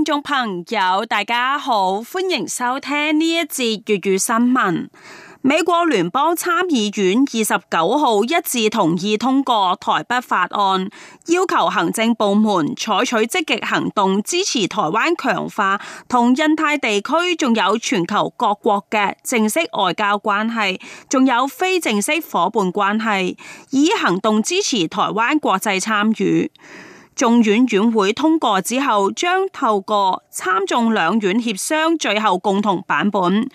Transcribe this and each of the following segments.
聽眾朋友，大家好，歡迎收聽呢一節粵語新聞。美國聯邦參議院二十九號一致同意通過台北法案，要求行政部門採取積極行動，支持台灣強化同印太地區仲有全球各國嘅正式外交關係，仲有非正式夥伴關係，以行動支持台灣國際參與。眾院院會通過之後，將透過參眾兩院協商最後共同版本，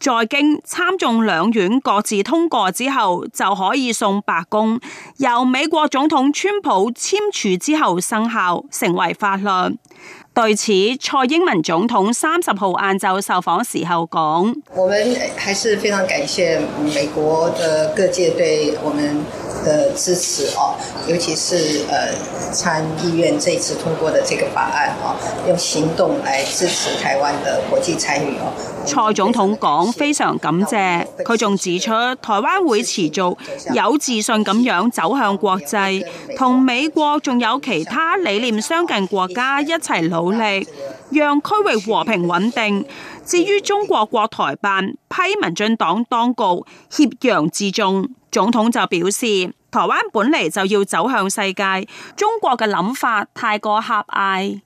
再經參眾兩院各自通過之後，就可以送白宮，由美國總統川普簽署之後生效，成為法律。對此，蔡英文總統三十號晏晝受訪時候講：我們還是非常感謝美國的各界對我們。的支持哦，尤其是呃參議院這次通過的這個法案哦，用行動來支持台灣的國際參與哦。蔡總統講非常感謝，佢仲指出台灣會持續有自信咁樣走向國際，同美國仲有其他理念相近國家一齊努力，讓區域和平穩定。至於中國國台辦批民進黨當局挾洋自重，總統就表示台灣本嚟就要走向世界，中國嘅諗法太過狹隘。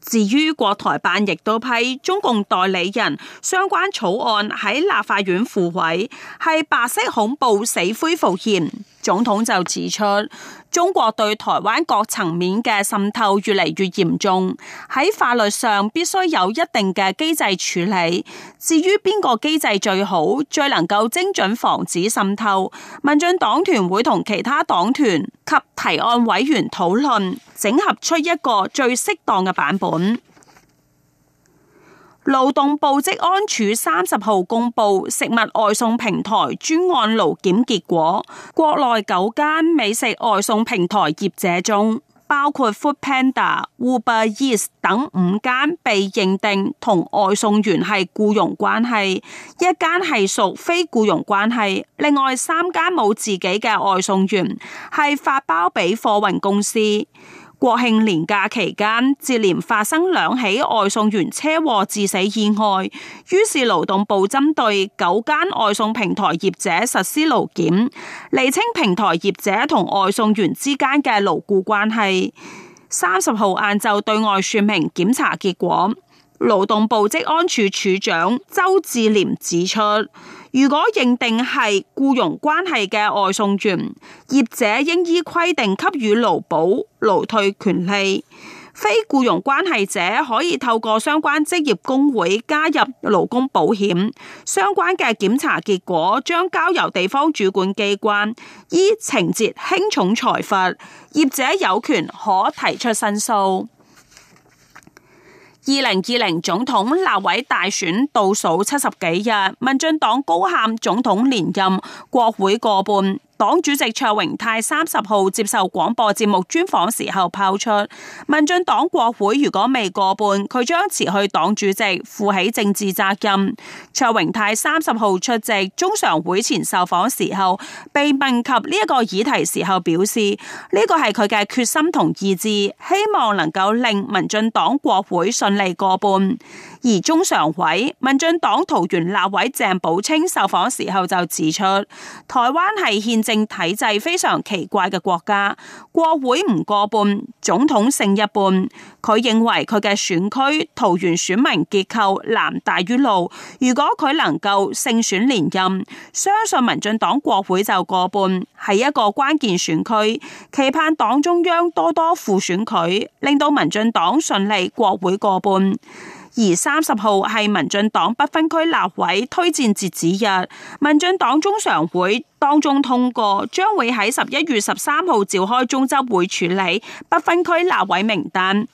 至於國台辦亦都批中共代理人相關草案喺立法院付委，係白色恐怖死灰復燃。總統就指出，中國對台灣各層面嘅滲透越嚟越嚴重，喺法律上必須有一定嘅機制處理。至於邊個機制最好，最能夠精準防止滲透，民進黨團會同其他黨團及提案委員討論，整合出一個最適當嘅版本。勞動部職安署三十號公布食物外送平台專案勞檢結果，國內九間美食外送平台業者中，包括 Food Panda、Uber Eats 等五間被認定同外送員係僱傭關係，一間係屬非僱傭關係，另外三間冇自己嘅外送員，係發包俾貨運公司。國慶連假期間，接連發生兩起外送員車禍致死意外，於是勞動部針對九間外送平台業者實施勞檢，釐清平台業者同外送員之間嘅勞雇關係。三十號晏晝對外說明檢查結果。勞動部職安處處長周志廉指出，如果認定係僱傭關係嘅外送員，業者應依規定給予勞保勞退權利；非僱傭關係者可以透過相關職業工會加入勞工保險。相關嘅檢查結果將交由地方主管機關依情節輕重裁罰，業者有權可提出申訴。二零二零總統立委大選倒數七十幾日，民進黨高喊總統連任，國會過半。黨主席卓榮泰三十號接受廣播節目專訪時候拋出，民進黨國會如果未過半，佢將辭去黨主席，負起政治責任。卓榮泰三十號出席中常會前受訪時候，被問及呢一個議題時候，表示呢個係佢嘅決心同意志，希望能夠令民進黨國會順利過半。而中常委民進黨桃園立委鄭寶清受訪時候就指出，台灣係憲政體制非常奇怪嘅國家，國會唔過半，總統勝一半。佢認為佢嘅選區桃園選民結構藍大於綠，如果佢能夠勝選連任，相信民進黨國會就過半，係一個關鍵選區，期盼黨中央多多輔選佢，令到民進黨順利國會過半。而三十號係民進黨不分區立委推薦截止日，民進黨中常會當中通過，將會喺十一月十三號召開中執會處理不分區立委名單。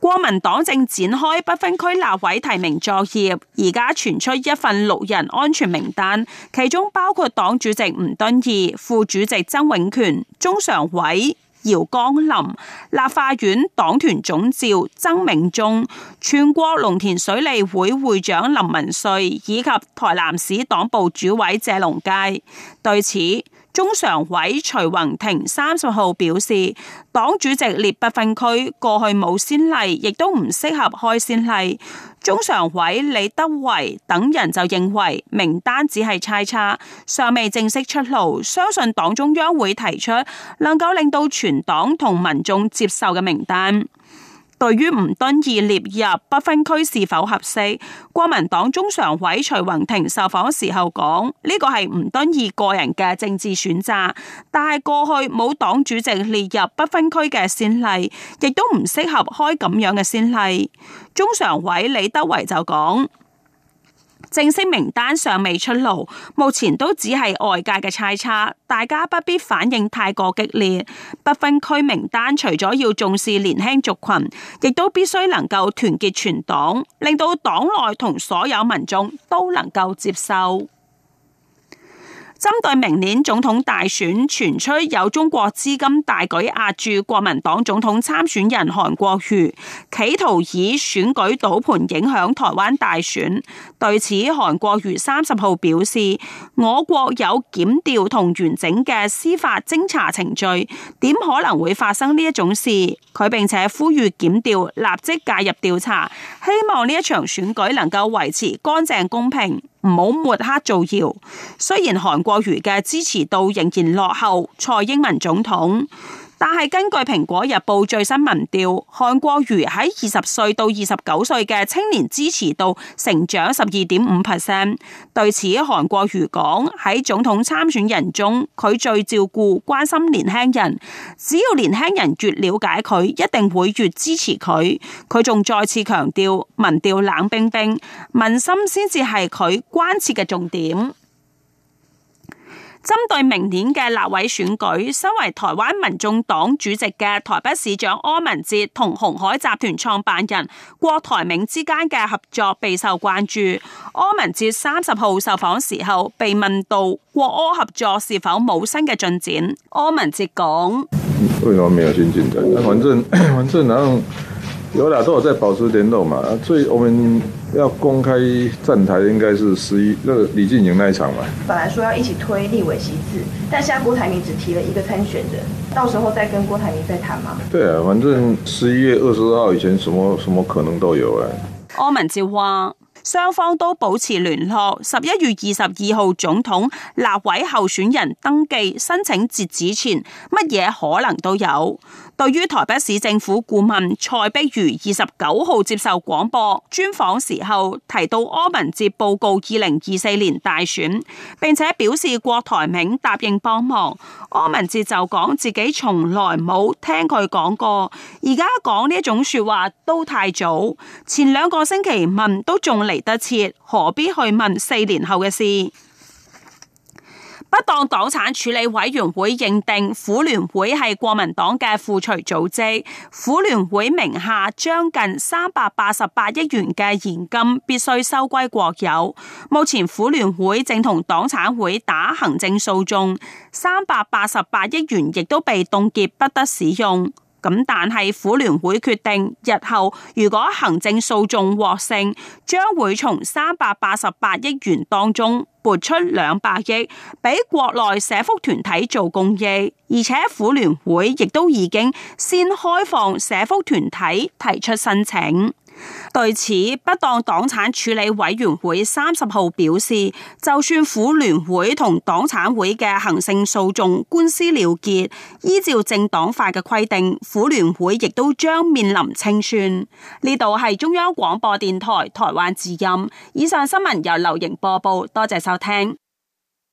國民黨正展開不分區立委提名作業，而家傳出一份六人安全名單，其中包括黨主席吳敦義、副主席曾永權、中常委。姚江林、立法院黨團總召曾銘宗、全國農田水利會會長林文瑞，以及台南市黨部主委謝龍介。對此，中常委徐宏庭三十號表示，黨主席列不分區，過去冇先例，亦都唔適合開先例。中常委李德維等人就認為，名單只係猜測，尚未正式出爐，相信黨中央會提出能夠令到全黨同民眾接受嘅名單。對於吳敦義列入不分區是否合適，國民黨中常委徐宏庭受訪時候講：呢個係吳敦義個人嘅政治選擇，但係過去冇黨主席列入不分區嘅先例，亦都唔適合開咁樣嘅先例。中常委李德維就講。正式名單尚未出爐，目前都只係外界嘅猜測，大家不必反應太過激烈。不分區名單除咗要重視年輕族群，亦都必須能夠團結全黨，令到黨內同所有民眾都能夠接受。針對明年總統大選傳出有中國資金大舉壓住國民黨總統參選人韓國瑜，企圖以選舉賭盤影響台灣大選，對此韓國瑜三十號表示，我國有檢調同完整嘅司法偵查程序，點可能會發生呢一種事？佢並且呼籲檢調立即介入調查，希望呢一場選舉能夠維持乾淨公平。唔好抹黑造謠。雖然韓國瑜嘅支持度仍然落後蔡英文總統。但係根據蘋果日報最新民調，韓國瑜喺二十歲到二十九歲嘅青年支持度成長十二點五 percent。對此，韓國瑜講，喺總統參選人中，佢最照顧、關心年輕人。只要年輕人越了解佢，一定會越支持佢。佢仲再次強調，民調冷冰冰，民心先至係佢關切嘅重點。針對明年嘅立委選舉，身為台灣民眾黨主席嘅台北市長柯文哲同鴻海集團創辦人郭台銘之間嘅合作備受關注。柯文哲三十號受訪時候被問到郭柯合作是否冇新嘅進展，柯文哲講：有啦，都有在保持聯絡嘛，所以我們要公開站台，應該是十一，那個李進營那一場嘛。本來說要一起推立委席次，但現在郭台銘只提了一個參選人，到時候再跟郭台銘再談嘛。對啊，反正十一月二十二號以前，什麼什麼可能都有啦，啊。柯文哲話：雙方都保持聯絡，十一月二十二號總統立委候選人登記申請截止前，乜嘢可能都有。對於台北市政府顧問蔡碧如二十九號接受廣播專訪時候提到柯文哲報告二零二四年大選，並且表示郭台銘答應幫忙，柯文哲就講自己從來冇聽佢講過，而家講呢種說話都太早。前兩個星期問都仲嚟得切，何必去問四年後嘅事？不當黨產處理委員會認定，婦聯會係國民黨嘅附隨組織，婦聯會名下將近三百八十八億元嘅現金必須收歸國有。目前婦聯會正同黨產會打行政訴訟，三百八十八億元亦都被凍結，不得使用。咁但係，婦聯會決定日後如果行政訴訟獲勝，將會從三百八十八億元當中撥出兩百億俾國內社福團體做公益。而且婦聯會亦都已經先開放社福團體提出申請。對此，不當黨產處理委員會三十號表示，就算婦聯會同黨產會嘅行政訴訟官司了結，依照政黨法嘅規定，婦聯會亦都將面臨清算。呢度係中央廣播電台台灣字音，以上新聞由劉瑩播報，多謝收聽。